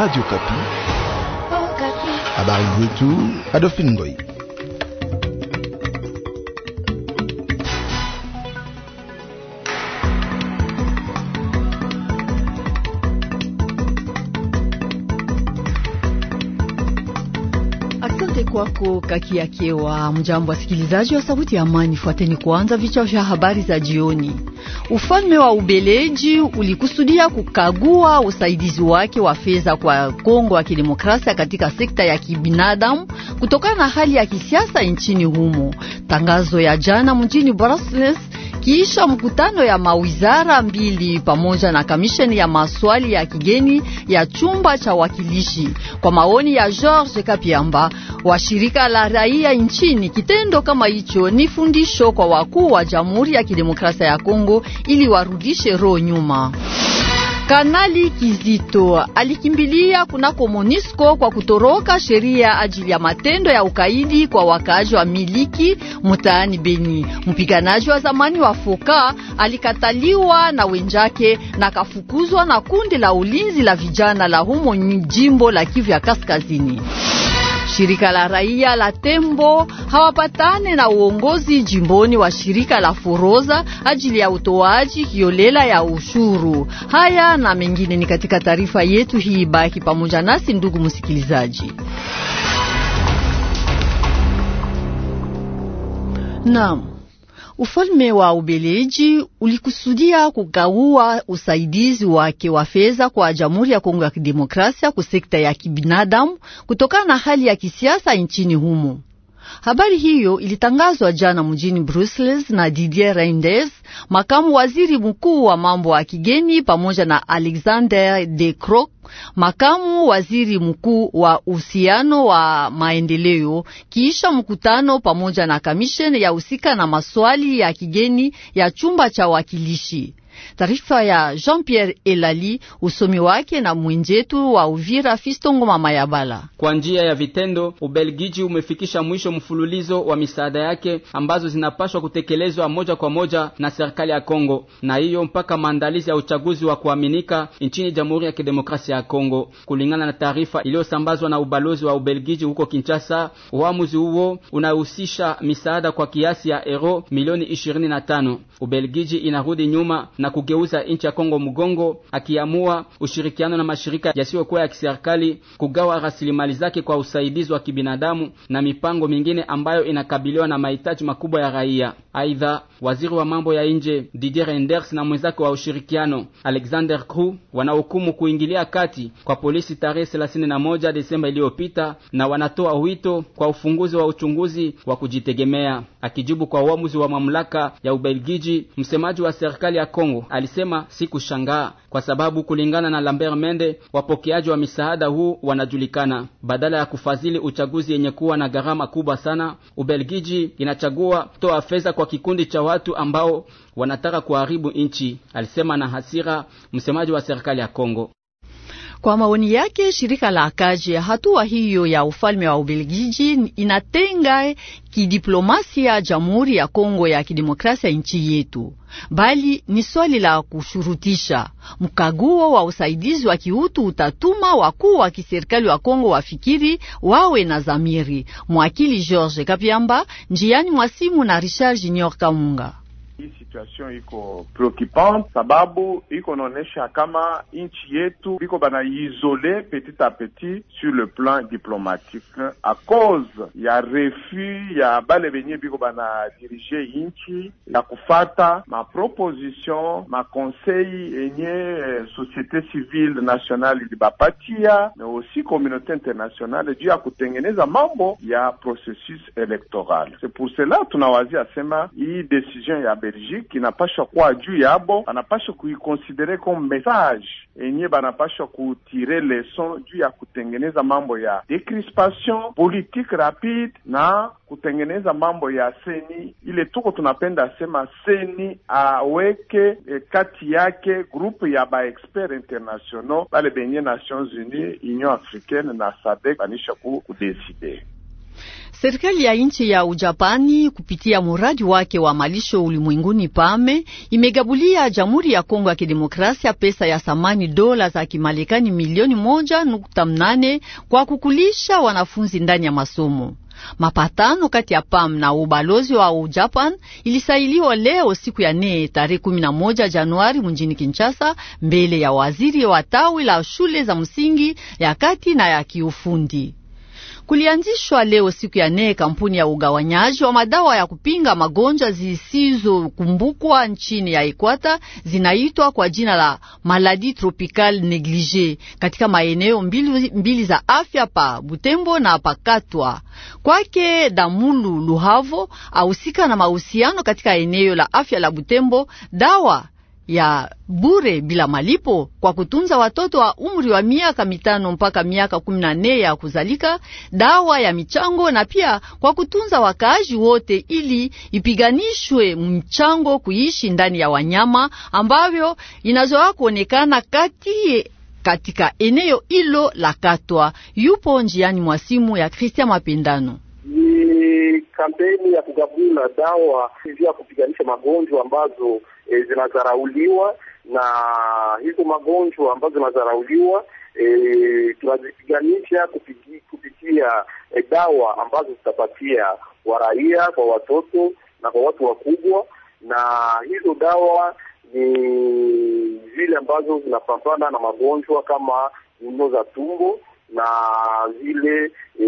Radio oh, Kapi. Habari zetu Adolphine Ngoi. kwako Kakiakewa. Mjambo wasikilizaji wa Sauti ya Amani, fuateni kwanza vichwa vya habari za jioni. Ufalme wa Ubeleji ulikusudia kukagua usaidizi wake wa fedha kwa Kongo ya Kidemokrasia katika sekta ya kibinadamu kutokana na hali ya kisiasa nchini humo. Tangazo ya jana mjini Brussels kisha mkutano ya mawizara mbili pamoja na kamisheni ya maswali ya kigeni ya chumba cha wakilishi, kwa maoni ya George Kapiamba wa shirika la raia nchini, kitendo kama hicho ni fundisho kwa wakuu wa Jamhuri ya Kidemokrasia ya Kongo ili warudishe roho nyuma. Kanali Kizito alikimbilia kunako Monisco kwa kutoroka sheria ajili ya matendo ya ukaidi kwa wakaaji wa miliki mutaani Beni. Mpiganaji wa zamani wa Foka alikataliwa na wenjake na kafukuzwa na kundi la ulinzi la vijana la humo jimbo la Kivu ya Kaskazini. Shirika la raia la Tembo hawapatane na uongozi jimboni wa shirika la Foroza ajili ya utoaji kiolela ya ushuru. Haya na mengine ni katika taarifa yetu hii, baki pamoja nasi ndugu msikilizaji. Naam. Ufalme wa Ubeleji ulikusudia kugawua usaidizi wake wa fedha kwa Jamhuri ya Kongo ya Kidemokrasia kwa sekta ya kibinadamu kutokana na hali ya kisiasa nchini humo. Habari hiyo ilitangazwa jana mjini Brussels na Didier Reynders, makamu waziri mkuu wa mambo ya kigeni, pamoja na Alexander De Croc makamu waziri mkuu wa uhusiano wa maendeleo, kiisha mkutano pamoja na kamisheni ya husika na maswali ya kigeni ya chumba cha wakilishi. Taarifa ya Jean-Pierre Elali, usomi wake na mwenzetu wa Uvira Fistongo Mama Yabala. Kwa njia ya vitendo, Ubelgiji umefikisha mwisho mfululizo wa misaada yake ambazo zinapaswa kutekelezwa moja kwa moja na serikali ya Kongo, na hiyo mpaka maandalizi ya uchaguzi wa kuaminika nchini Jamhuri ya Kidemokrasia ya Kongo. Kulingana na taarifa iliyosambazwa na ubalozi wa Ubelgiji huko Kinshasa, uamuzi huo unahusisha misaada kwa kiasi ya euro milioni 25. Ubelgiji inarudi nyuma na kugeuza nchi ya Kongo mgongo, akiamua ushirikiano na mashirika yasiyokuwa ya kiserikali kugawa rasilimali zake kwa usaidizi wa kibinadamu na mipango mingine ambayo inakabiliwa na mahitaji makubwa ya raia. Aidha, waziri wa mambo ya nje Didier Renders na mwenzake wa ushirikiano Alexander Krug wanahukumu kuingilia kati kwa polisi tarehe 31 Desemba iliyopita, na wanatoa wito kwa ufunguzi wa uchunguzi wa kujitegemea. Akijibu kwa uamuzi wa mamlaka ya Ubelgiji, msemaji wa serikali ya Kongo Kongo alisema si kushangaa, kwa sababu kulingana na Lambert Mende, wapokeaji wa misaada huu wanajulikana. Badala ya kufadhili uchaguzi yenye kuwa na gharama kubwa sana, Ubelgiji inachagua toa fedha kwa kikundi cha watu ambao wanataka kuharibu nchi, alisema na hasira msemaji wa serikali ya Kongo. Kwa maoni yake, shirika la Akaje, hatua hiyo ya ufalme wa Ubelgiji inatenga kidiplomasia Jamhuri ya Kongo ya Kidemokrasia nchi yetu, bali ni swali la kushurutisha. Mkaguo wa usaidizi wa kiutu utatuma wakuu wa kiserikali wa Kongo wafikiri wawe na zamiri. Mwakili George Kapiamba njiani mwa simu na Richard Junior Kamunga. Situation iko preoccupante sababu iko naonesha kama nchi yetu bana banaisole petit à petit sur le plan diplomatique À cause ya refus ya bale benye biko diriger nchi ya kufata maproposition conseil enye eh, société civile nationale ilibapatia mais aussi communauté internationale juu ya kutengeneza mambo ya processus électoral. C'est pour cela tunawazia sema hii décision ya Belgique kinapashwa kuwa juu yabo, banapashwa kuikonsidere comme message enye banapashwa kutire leson juu ya kutengeneza mambo ya decrispation politique rapide na kutengeneza mambo ya seni ile tuko tunapenda sema seni aweke e, kati yake groupe ya baexpert internationaux bale benye Nations Unies, Union Africaine na SADC banisha ku kudeside Serikali ya nchi ya Ujapani kupitia muradi wake wa malisho ulimwenguni PAME imegabulia Jamhuri ya Kongo ya Kidemokrasia pesa ya thamani dola za Kimarekani milioni moja nukta mnane kwa kukulisha wanafunzi ndani ya masomo. Mapatano kati ya PAM e na ubalozi wa Ujapan ilisailiwa leo siku ya nne tarehe 11 Januari mjini Kinshasa, mbele ya waziri wa tawi la shule za msingi ya kati na ya kiufundi. Kulianzishwa leo siku ya nne kampuni ya ugawanyaji wa madawa ya kupinga magonjwa zisizokumbukwa nchini ya Ekwata, zinaitwa kwa jina la maladi tropical neglige katika maeneo mbili, mbili za afya pa Butembo na Pakatwa. Kwake Damulu Luhavo ahusika na mahusiano katika eneo la afya la Butembo, dawa ya bure bila malipo kwa kutunza watoto wa umri wa miaka mitano mpaka miaka kumi na nne ya kuzalika, dawa ya michango na pia kwa kutunza wakaaji wote, ili ipiganishwe mchango kuishi ndani ya wanyama ambavyo inazoa kuonekana kati katika eneo hilo la Katwa. Yupo njiani mwa simu ya kristia Mapendano ni kampeni ya kugabula dawa vya kupiganisha magonjwa ambazo e, eh, zinazarauliwa na hizo magonjwa ambazo zinazarauliwa e, eh, tunazipiganisha kupitia e, dawa ambazo zitapatia kwa raia, kwa watoto na kwa watu wakubwa, na hizo dawa ni zile ambazo zinapambana na magonjwa kama nyundo za tumbo na zile e,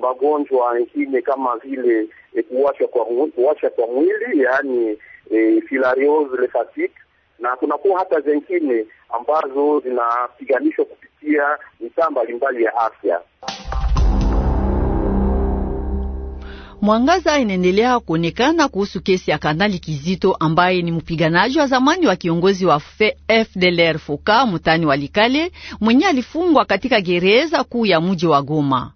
magonjwa mengine kama vile e, kuwasha kwa, kuwasha kwa mwili yaani e, filariose lefatik na kunakuwa hata zengine ambazo zinapiganishwa kupitia mitaa mbalimbali ya afya. Mwangaza inaendelea kuonekana kuhusu kesi ya Kanali Kizito ambaye ni mpiganaji wa zamani wa kiongozi wa FDLR Foka mutani wa Likale mwenye alifungwa katika gereza kuu ya mji wa Goma.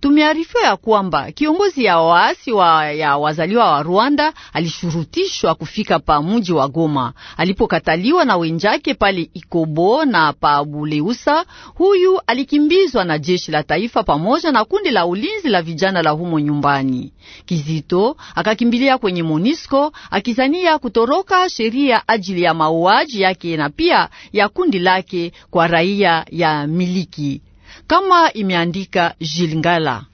Tumearifiwa ya kwamba kiongozi ya waasi wa, ya wazaliwa wa Rwanda alishurutishwa kufika pa mji wa Goma alipokataliwa na wenjake pale Ikobo na pa Buleusa. Huyu alikimbizwa na jeshi la taifa pamoja na kundi la ulinzi la vijana la humo nyumbani. Kizito akakimbilia kwenye Monisco akizania kutoroka sheria ajili ya mauaji yake na pia ya kundi lake kwa raia ya miliki kama imeandika Jilingala.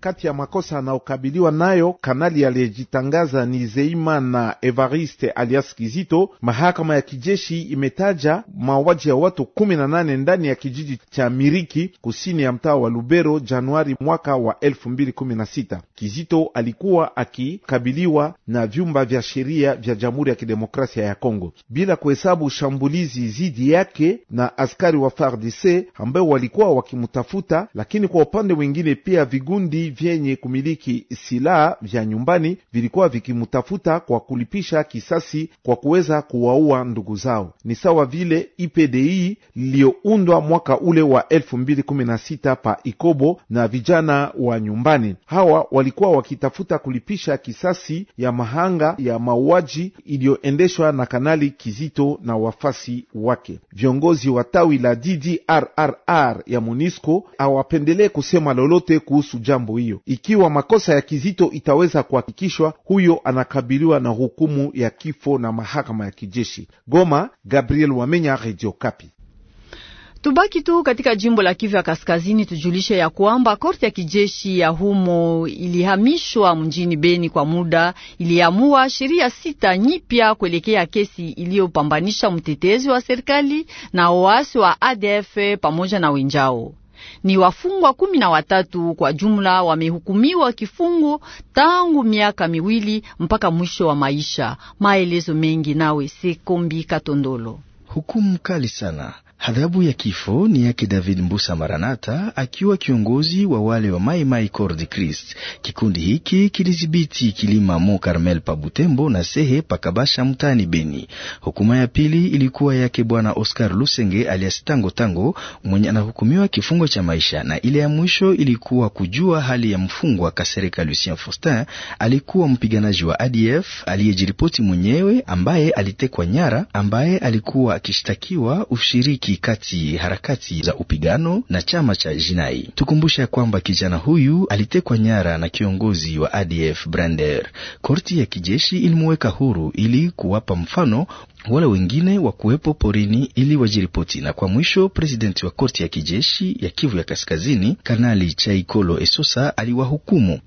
Kati ya makosa anaokabiliwa nayo kanali aliyejitangaza ni Zeima na Evariste alias Kizito, mahakama ya kijeshi imetaja mauaji ya watu kumi na nane ndani ya kijiji cha Miriki kusini ya mtaa wa Lubero Januari mwaka wa elfu mbili kumi na sita. Kizito alikuwa akikabiliwa na vyumba vya sheria vya Jamhuri ya Kidemokrasia ya Kongo bila kuhesabu shambulizi dhidi yake na askari wa FARDC ambao walikuwa wakimtafuta, lakini kwa upande mwingine pia vigundi vyenye kumiliki silaha vya nyumbani vilikuwa vikimtafuta kwa kulipisha kisasi kwa kuweza kuwaua ndugu zao. Ni sawa vile IPDI liliyoundwa mwaka ule wa 2016 pa Ikobo na vijana wa nyumbani hawa walikuwa wakitafuta kulipisha kisasi ya mahanga ya mauaji iliyoendeshwa na Kanali Kizito na wafasi wake. Viongozi wa tawi la DDRRR ya MONUSCO hawapendelee kusema lolote kuhusu jambo hiyo. Ikiwa makosa ya kizito itaweza kuhakikishwa, huyo anakabiliwa na hukumu ya kifo na mahakama ya kijeshi. Goma, Gabriel Wamenya, Radio Kapi. Tubaki tu katika jimbo la Kivu ya Kaskazini, tujulishe ya kwamba korti ya kijeshi ya humo ilihamishwa mjini Beni kwa muda, iliamua sheria sita nyipya kuelekea kesi iliyopambanisha mtetezi wa serikali na waasi wa ADF pamoja na wenjao. Ni wafungwa kumi na watatu kwa jumla wamehukumiwa kifungo tangu miaka miwili mpaka mwisho wa maisha. Maelezo mengi nawe Sekombi Katondolo. Hukumu kali sana Adhabu ya kifo ni yake David Mbusa Maranata, akiwa kiongozi wa wale wa Mai Mai Cor de Christ. Kikundi hiki kilidhibiti kilima mo Carmel pa Butembo na Sehe pa Kabasha mtani Beni. Hukuma ya pili ilikuwa yake Bwana Oscar Lusenge alias Tango Tango, mwenye anahukumiwa kifungo cha maisha, na ile ya mwisho ilikuwa kujua hali ya mfungwa Kasereka Lucien Faustin, alikuwa mpiganaji wa ADF aliyejiripoti mwenyewe, ambaye alitekwa nyara, ambaye alikuwa akishtakiwa ushiriki kushiriki kati harakati za upigano na chama cha jinai. Tukumbusha kwamba kijana huyu alitekwa nyara na kiongozi wa ADF Brander. Korti ya kijeshi ilimuweka huru ili kuwapa mfano wale wengine wa kuwepo porini ili wajiripoti. Na kwa mwisho, presidenti wa korti ya kijeshi ya Kivu ya Kaskazini, Kanali Chaikolo Esosa aliwahukumu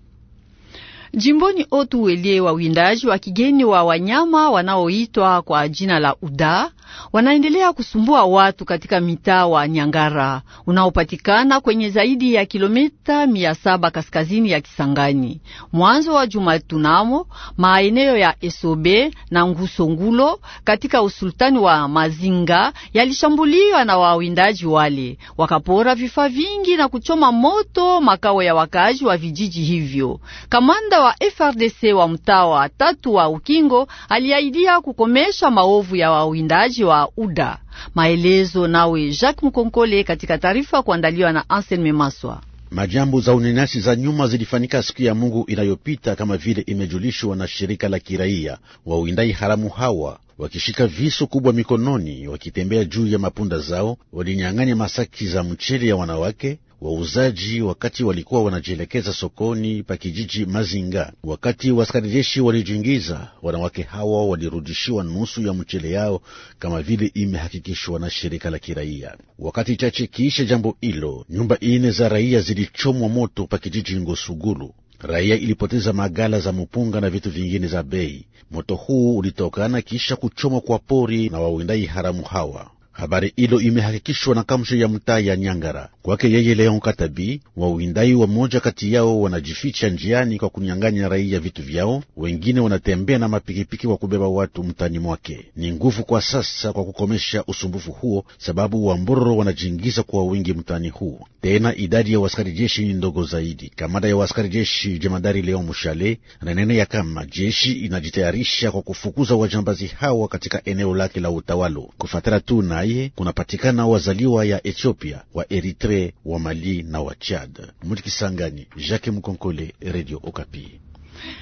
Jimboni Otu Welie wawindaji wa kigeni wa wanyama wanaoitwa kwa jina la uda wanaendelea kusumbua watu katika mitaa wa Nyangara unaopatikana kwenye zaidi ya kilomita mia saba kaskazini ya Kisangani. Mwanzo wa jumatunamo maeneo ya Esobe na Ngusongulo katika usultani wa Mazinga yalishambuliwa na wawindaji wale, wakapora vifaa vingi na kuchoma moto makao ya wakaaji wa vijiji hivyo. Kamanda wa FRDC wa mtaa wa tatu wa Ukingo aliahidia kukomesha maovu ya wawindaji mji wa UDA. Maelezo nawe Jacques Mkonkole katika taarifa kuandaliwa na Anselme Memaswa. Majambo za unenasi za nyuma zilifanyika siku ya Mungu inayopita kama vile imejulishwa na shirika la kiraia. Wawindai haramu hawa wakishika visu kubwa mikononi, wakitembea juu ya mapunda zao, walinyang'anya masaki za mchele ya wanawake wauzaji wakati walikuwa wanajielekeza sokoni pa kijiji Mazinga. Wakati waskari jeshi walijiingiza, wanawake hawa walirudishiwa nusu ya mchele yao kama vile imehakikishwa na shirika la kiraia. Wakati chache kiisha jambo hilo, nyumba ine za raia zilichomwa moto pa kijiji Ngosugulu. Raia ilipoteza magala za mupunga na vitu vingine za bei. Moto huu ulitokana kisha kuchomwa kwa pori na wawindaji haramu hawa. Habari hilo imehakikishwa na kamsho ya mtaa ya Nyangara. Kwake yeye Leon Katabi, wawindai wa moja kati yao wanajificha njiani kwa kunyang'anya raia vitu vyao, wengine wanatembea na mapikipiki kwa kubeba watu mtani mwake. Ni nguvu kwa sasa kwa kukomesha usumbufu huo, sababu wambororo wanajiingiza kwa wingi mtani huo. Tena idadi ya waskari jeshi ni ndogo zaidi. Kamanda ya waskari jeshi jemadari Leon Mushale ananena ya kama jeshi inajitayarisha kwa kufukuza wajambazi hawa katika eneo lake la utawalo kufatana tu na naye kunapatikana wazaliwa ya Ethiopia, wa Eritre, wa Mali na wa Chad. Mujikisangani, Jacques Mkonkole, Radio Okapi.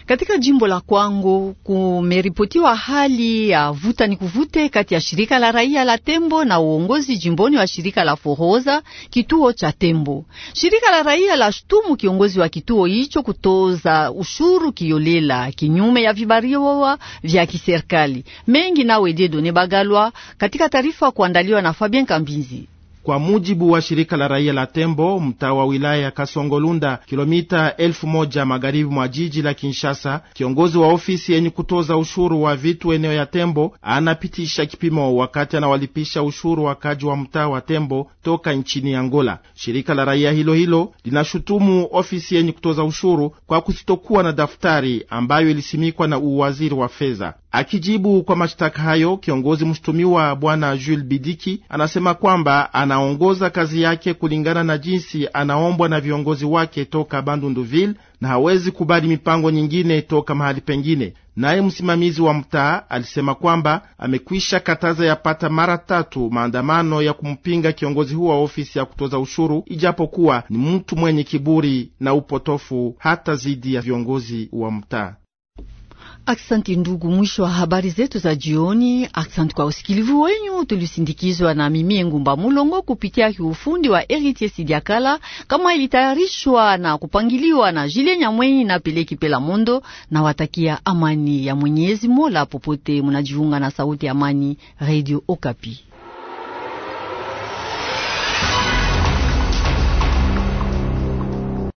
Katika jimbo la Kwango kumeripotiwa hali ya vuta ni kuvute kati ya shirika la raia la Tembo na uongozi jimboni wa shirika la Foroza, kituo cha Tembo. Shirika la raia la shtumu kiongozi wa kituo hicho kutoza ushuru kiolela kinyume ya vibariwa vya kiserikali. Mengi nawe Dedone Bagalwa katika taarifa kuandaliwa na Fabien Kambinzi. Kwa mujibu wa shirika la raia la Tembo, mtaa wa wilaya ya Kasongolunda, kilomita elfu moja magharibi mwa jiji la Kinshasa, kiongozi wa ofisi yenye kutoza ushuru wa vitu eneo ya Tembo anapitisha kipimo wakati anawalipisha ushuru wakaji wa mtaa wa Tembo toka nchini Angola. Shirika la raia hilo hilo linashutumu ofisi yenye kutoza ushuru kwa kusitokuwa na daftari ambayo ilisimikwa na uwaziri wa fedha. Akijibu kwa mashtaka hayo, kiongozi mshutumiwa Bwana Jules Bidiki anasema kwamba anaongoza kazi yake kulingana na jinsi anaombwa na viongozi wake toka Bandunduville na hawezi kubali mipango nyingine toka mahali pengine. Naye msimamizi wa mtaa alisema kwamba amekwisha kataza yapata mara tatu maandamano ya kumpinga kiongozi huo wa ofisi ya kutoza ushuru, ijapokuwa ni mtu mwenye kiburi na upotofu hata zidi ya viongozi wa mtaa. Aksanti ndugu, mwisho wa habari zetu za jioni. Aksanti kwa usikilivu wenyu, tulisindikizwa na mimi Ngumba Mulongo kupitia kiufundi wa Eritier Sidiakala, kama ilitayarishwa na kupangiliwa na Jile Nyamwenyi na Peleki Pela Mondo, na watakia amani ya Mwenyezi Mola popote munajiunga na Sauti ya Amani Radio Okapi.